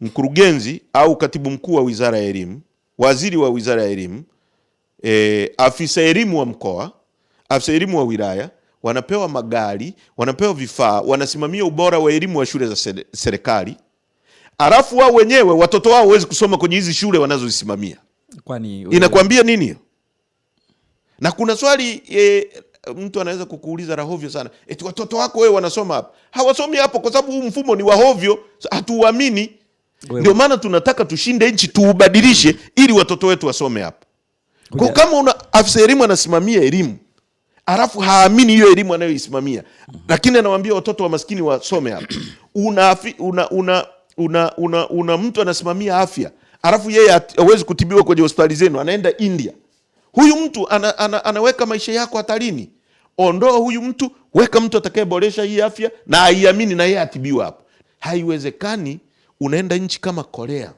mkurugenzi au katibu mkuu wa wizara ya elimu, waziri wa wizara ya elimu, e, afisa elimu wa mkoa, afisa elimu wa wilaya wanapewa magari, wanapewa vifaa, wanasimamia ubora wa elimu wa shule za serikali, alafu wao wenyewe watoto wao wawezi kusoma kwenye hizi shule wanazozisimamia. Kwani inakwambia nini Na kuna swali e, mtu anaweza kukuuliza rahovyo sana, eti watoto wako wewe wanasoma hapa? Hawasomi hapo, kwa sababu huu mfumo ni wahovyo, hovyo, hatuuamini. Ndio maana tunataka tushinde nchi tuubadilishe, ili watoto wetu wasome hapa. Kwa kama una afisa elimu anasimamia elimu alafu haamini hiyo elimu anayoisimamia, lakini anawaambia watoto wa maskini wasome hapa, una, una, una, una, una, una mtu anasimamia afya alafu yeye hawezi kutibiwa kwenye hospitali zenu, anaenda India. Huyu mtu ana, ana, anaweka maisha yako hatarini. Ondoa huyu mtu, weka mtu atakayeboresha hii afya na aiamini, na yeye atibiwa hapo. Haiwezekani unaenda nchi kama Korea,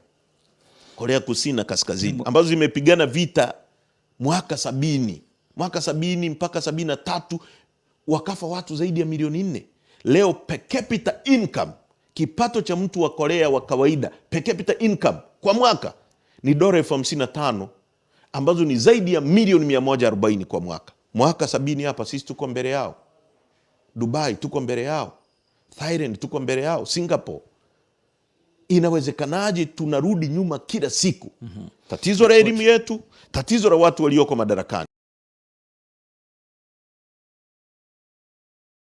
Korea Kusini na Kaskazini ambazo zimepigana vita mwaka sabini mwaka sabini mpaka sabini na tatu wakafa watu zaidi ya milioni nne. Leo per capita income, kipato cha mtu wa Korea wa kawaida per capita income kwa mwaka ni dola elfu hamsini na tano ambazo ni zaidi ya milioni mia moja arobaini kwa mwaka. Mwaka sabini hapa sisi tuko mbele yao, Dubai tuko mbele yao, Thailand tuko mbele yao, Singapore inawezekanaje tunarudi nyuma kila siku? mm -hmm. Tatizo la elimu yetu, tatizo la watu walioko madarakani.